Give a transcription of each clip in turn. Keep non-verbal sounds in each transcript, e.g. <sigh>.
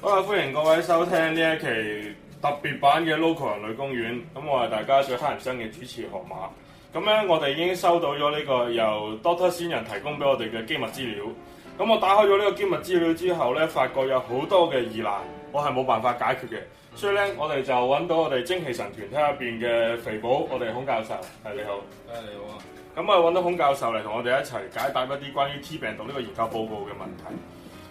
好啊！歡迎各位收聽呢一期特別版嘅 Local 人類公園。咁我係大家最黑人憎嘅主持河馬。咁咧，我哋已經收到咗呢個由 Doctor 仙人提供俾我哋嘅機密資料。咁我打開咗呢個機密資料之後咧，發覺有好多嘅疑難，我係冇辦法解決嘅。所以咧，我哋就揾到我哋精氣神團體入邊嘅肥寶，我哋孔教授。係，你好。誒，你好啊。咁啊，揾到孔教授嚟同我哋一齊解答一啲關於 T 病毒呢個研究報告嘅問題。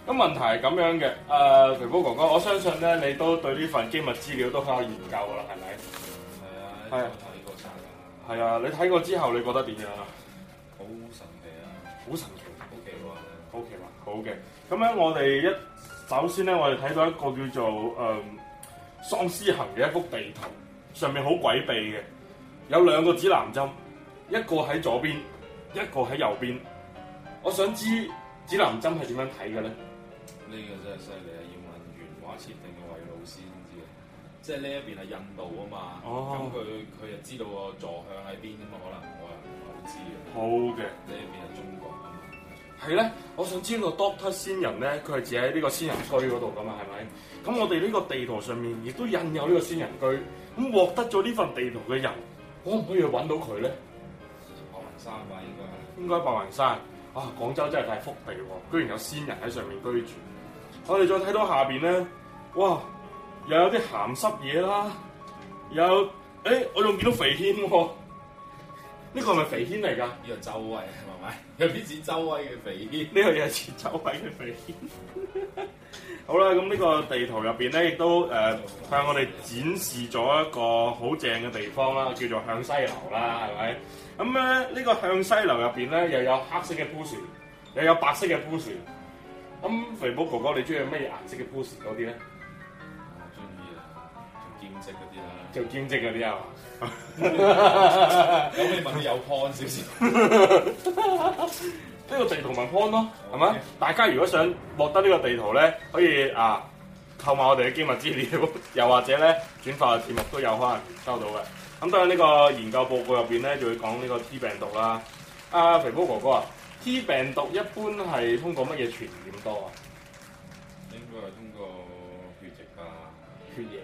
咁問題係咁樣嘅，誒、呃，肥寶哥哥，我相信咧，你都對呢份機密資料都比較研究啦，係咪？係、嗯嗯嗯、啊，係啊，睇過曬啦。係啊，你睇過之後，你覺得點樣啊？好神奇啊！好神奇，OK 喎，OK 喎，好嘅。咁樣我哋一首先咧，我哋睇到一個叫做誒、呃、喪屍行嘅一幅地圖，上面好詭秘嘅，有兩個指南針，一個喺左邊，一個喺右，右邊。我想知指南針係點樣睇嘅咧？即係你係要問原畫設定嗰位老師先知嘅，即係呢一邊係印度啊嘛，咁佢佢又知道個坐向喺邊啊嘛，可能我又唔知。好嘅，呢一邊係中國啊嘛，係咧。我想知道 Doctor 仙人咧，佢係住喺呢個仙人居嗰度噶嘛，係咪？咁我哋呢個地圖上面亦都印有呢個仙人居，咁獲得咗呢份地圖嘅人，可唔可以去揾到佢咧？白雲山啊，應該應該白雲山啊！廣州真係太福地喎，居然有仙人喺上面居住。我哋再睇到下邊咧，哇，又有啲鹹濕嘢啦，有，誒、欸，我仲見到肥軒喎、啊，呢、這個係咪肥軒嚟㗎？又周圍係咪？有啲似周圍嘅肥軒，呢個又似周圍嘅肥軒。 <laughs> 好啦，咁呢個地圖入邊咧，亦都誒、呃、向我哋展示咗一個好正嘅地方啦，叫做向西流啦，係咪？咁咧，呢個向西流入邊咧，又有黑色嘅枯樹，又有白色嘅枯樹。咁肥寶哥哥你，你中意咩顏色嘅 push 多啲咧？我中意啊，做兼職嗰啲啦。做兼職嗰啲啊？有咩問？有看少少。呢個地圖文看咯，係嘛？吧大家如果想獲得呢個地圖咧，可以啊，購買我哋嘅機密資料，又或者咧轉發嘅節目都有可能收到嘅。咁都喺呢個研究報告入邊咧，就會講呢個 T 病毒啦、啊。阿、啊、肥寶哥，哥哥。T 病毒一般係通過乜嘢傳染多啊？應該係通過血液啊，血液、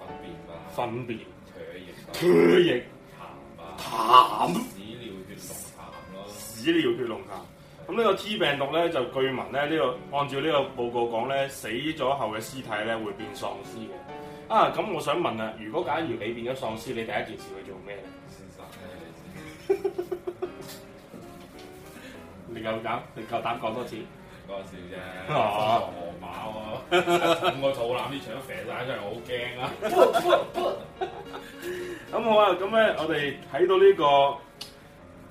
糞便吧，糞便辨、唾液、血液、痰吧，痰、屎尿血濃痰咯。屎尿血濃痰。咁呢個 T 病毒咧就據聞咧呢、這個按照呢個報告講咧，死咗後嘅屍體咧會變喪屍嘅。啊，咁我想問啊，如果假如你變咗喪屍，你第一件事會做咩咧？ <laughs> 你夠膽？你夠膽講多次？講笑啫，駱馬喎，咁個肚腩啲腸射曬出嚟，真係好驚啦！咁好啊，咁咧我哋睇到呢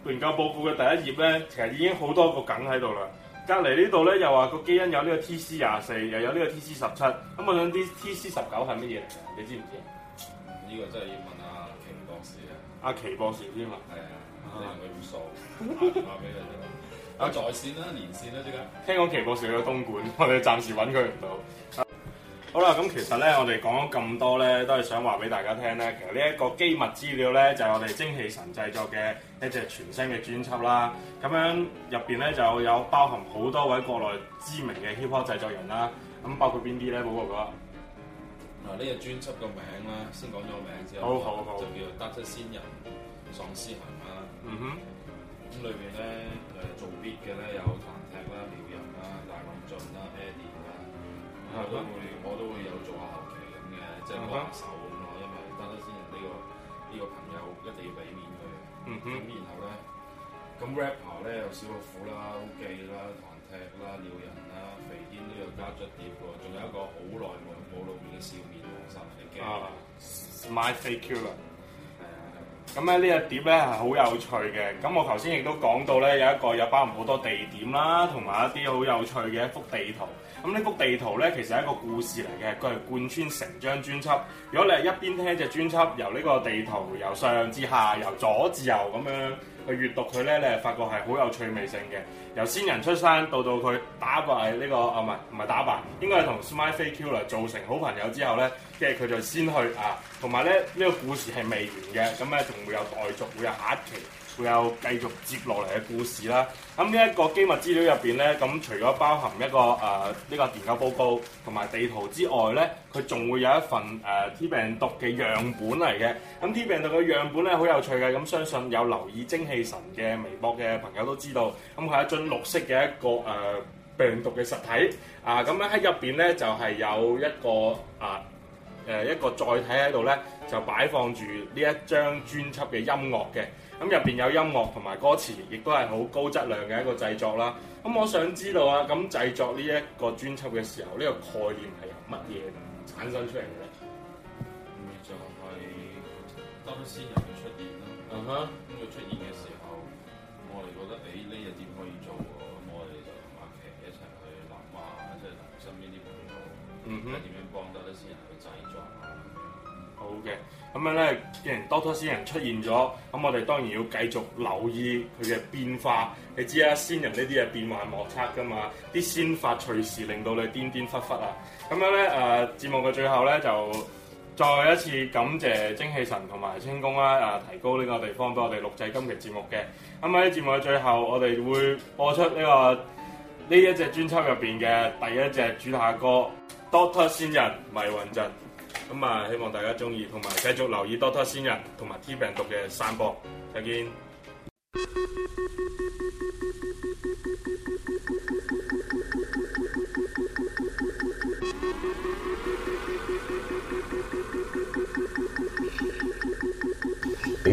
個研究報告嘅第一頁咧，其實已經好多個梗喺度啦。隔離呢度咧又話個基因有呢個 TC 廿四，又有呢個 TC 十七。咁我想知 TC 十九係乜嘢嚟嘅？你知唔知呢個真係要問阿、啊啊啊、奇博士啊！阿奇博士添啊！係 <laughs> 啊，你唔可以咁傻，打電話俾你。啊啊啊啊啊啊有在線啦、啊，連線啦、啊，即係。聽講奇博士去咗東莞，我哋暫時揾佢唔到、啊。好啦，咁其實咧，我哋講咗咁多咧，都係想話俾大家聽咧。其實呢一個機密資料咧，就係、是、我哋精氣神製作嘅一隻全新嘅專輯啦。咁樣入邊咧就有包含好多位國內知名嘅 hiphop 製作人啦。咁、啊、包括邊啲咧？寶哥哥。嗱、啊，呢、這個專輯個名咧，先講咗個名之後，好好好，好好就叫做 ian,、啊《DR 仙人喪屍行》啦。嗯哼。裏邊咧誒做 beat 嘅咧有彈踢啦、撩人啦、大浪進啦、Eddie 啦，我都會我都會有做下後期咁嘅，即係幫手咁咯，嗯、因為 DR 仙人呢、呢個呢、呢個朋友一定要俾面佢，咁、嗯、哼然後咧，咁 rapper 咧有小老虎、啊 okay, 啦、老記啦、彈踢啦、撩人啦、肥軒都有加咗碟喎，仲有一個好耐冇冇露面嘅笑面黃沙你記唔記啊，啊？My fake 咁咧呢一碟咧係好有趣嘅，咁我頭先亦都講到咧有一個有包含好多地點啦，同埋一啲好有趣嘅一幅地圖。咁呢幅地圖咧其實係一個故事嚟嘅，佢係貫穿成張專輯。如果你係一邊聽隻專輯，由呢個地圖由上至下，由左至右咁樣。去閲讀佢咧，你係發覺係好有趣味性嘅。由仙人出山到到佢打敗呢個啊，唔係唔係打敗，應該係同 Smile 飛 Q 嚟做成好朋友之後咧，即係佢就先去啊。同埋咧呢個故事係未完嘅，咁咧仲會有待續，會有下一期。會有繼續接落嚟嘅故事啦。咁、嗯、呢一個機密資料入邊咧，咁、嗯、除咗包含一個誒呢、呃這個研究報告同埋地圖之外咧，佢仲會有一份誒 T、呃、病毒嘅樣本嚟嘅。咁、嗯、T 病毒嘅樣本咧，好有趣嘅。咁相信有留意精氣神嘅微博嘅朋友都知道，咁、嗯、佢係一樽綠色嘅一個誒、呃、病毒嘅實體。啊，咁樣喺入邊咧就係、是、有一個啊誒、呃、一個載體喺度咧，就擺放住呢一張專輯嘅音樂嘅。咁入邊有音樂同埋歌詞，亦都係好高質量嘅一個製作啦。咁、嗯、我想知道啊，咁、嗯、製作呢一個專輯嘅時候，呢、這個概念係由乜嘢產生出嚟嘅咧？嗯、就係、是、當仙人嘅出現咯。嗯咁佢、嗯、出現嘅時候，我哋覺得誒呢樣點可以做喎？咁我哋就同阿奇一齊去諗啊，即係同身邊啲朋友，睇點樣幫啲仙人去製作啊。好嘅，咁樣咧，既然 Doctor 仙人出現咗，咁我哋當然要繼續留意佢嘅變化。你知啦，仙人呢啲嘢變幻莫測噶嘛，啲仙法隨時令到你顛顛忽忽啊！咁樣咧，誒、呃，節目嘅最後咧，就再一次感謝精氣神同埋清工啦，誒、呃，提高呢個地方俾我哋錄製今期節目嘅。咁喺節目嘅最後，我哋會播出呢、這個呢一隻專輯入邊嘅第一隻主打歌《Doctor 仙人迷魂陣》。咁啊，希望大家中意，同埋繼續留意 DR 仙人同埋 T 病毒嘅散播，再見。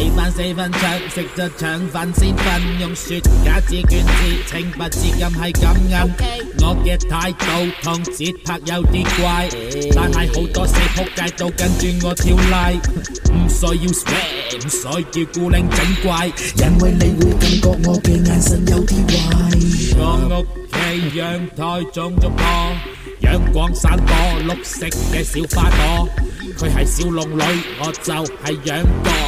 你翻四分場，食咗腸粉先瞓，用雪茄紙捲紙，請勿自甘係感恩。Okay. 我嘅態度同節拍有啲怪，但係好多食仆街都跟住我跳例。唔需要 swag，唔需要古靈精怪， <laughs> 因為你會感覺我嘅眼神有啲壞。我屋企陽台種咗棵，陽光散播綠色嘅小花朵，佢係小龍女，我就係楊過。